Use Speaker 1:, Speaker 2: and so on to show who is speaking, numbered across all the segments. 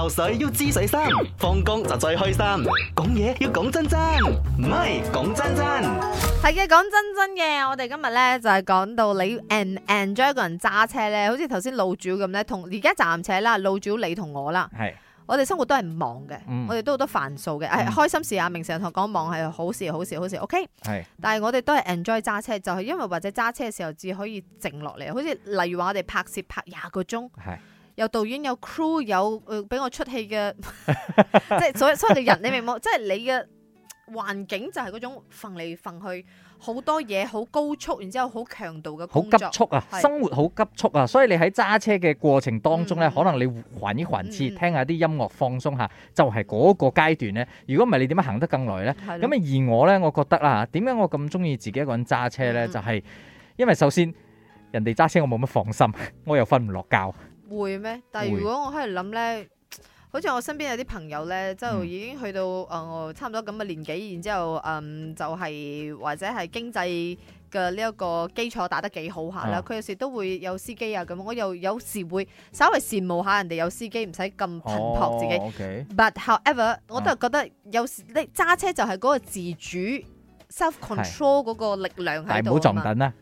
Speaker 1: 遊水要知水深，放工就最開心。講嘢要講真真，唔係講真真。係嘅，講真真嘅。我哋今日咧就係、是、講到你 en enjoy 一個人揸車咧，好似頭先老主咁咧，同而家暫且啦，老主你同我啦。係是，我哋生活都係忙嘅，嗯、我哋都好多煩惱嘅。誒、嗯哎，開心時阿明成日同我講忙係好，好事，好事，好事。OK 是。係。但係我哋都係 enjoy 揸車，就係、是、因為或者揸車嘅時候至可以靜落嚟，好似例如話我哋拍攝拍廿個鐘。係是。有導演，有 crew，有誒，俾我出戲嘅，
Speaker 2: 即係所所有嘅
Speaker 1: 人，你明冇？即係你嘅環境就係嗰種，馳嚟馳去，好多嘢，好高速，然之後好強度嘅，好急促啊！生活好急促啊！所以你喺揸車嘅過程當中咧，可能你環一環次聽下啲音樂放鬆下，就係嗰個階段咧。如果唔係，你點樣行得更耐咧？咁啊，而我咧，我覺得啦，點解我咁中意自己一個人揸車咧？就係因為首先人哋揸車我冇乜放心，我又瞓唔落覺。會咩？但係如果我喺度諗咧，好似會我身邊有啲朋友咧，就已經去到誒、呃、差唔多咁嘅年紀，然之後嗯就係、是、或者係經濟嘅呢一個基礎打得幾好下啦。佢、啊、有時都會有司機啊咁，我又有時會稍微羨慕下人哋有司機，唔使咁頻撲自己。哦 okay、But however，我都係覺得有時你揸車就係嗰個自主 self control 嗰個力量喺度啊。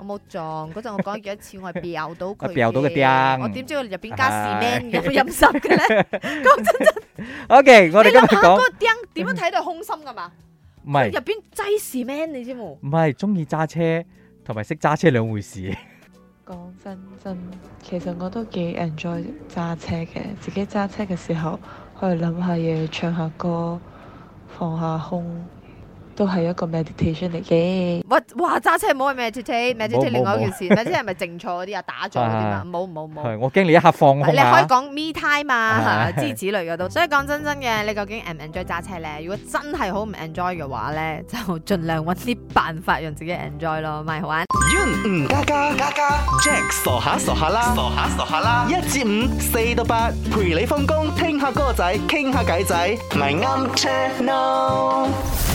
Speaker 1: 我冇撞嗰陣，我講幾多次我係掉到佢，掉到個釘，我點知佢入邊加士 man 咁陰濕嘅咧？講真真，OK，我哋今日講。你諗下嗰個釘點樣睇到係空心噶嘛？唔係入邊擠士 man，你知冇？唔係中意揸車同埋識揸車兩回事。講真真，其實我都幾 enjoy 揸車嘅，自己揸車嘅時候可以諗下嘢，唱下歌，放下空。都係一個 meditation 嚟嘅。哇哇揸車唔好去 meditate，meditate 另外一件事 meditation 係咪靜坐嗰啲啊，打坐嗰啲啊？冇冇冇。係我驚你一下放我。你可以講 me time 嘛，啊，之之，啊啊，類嗰度。所以講真真嘅，你究竟 enjoy 揸車咧？如果真係好唔 enjoy 嘅話咧，就盡量揾啲辦法讓自己 enjoy 咯，咪好玩。Yun 吳加嘉嘉嘉，Jack 傻下傻下啦，傻下傻下啦，一至五四到八，5, 8, 陪你放工，聽下歌仔，傾下偈仔，咪啱 channel。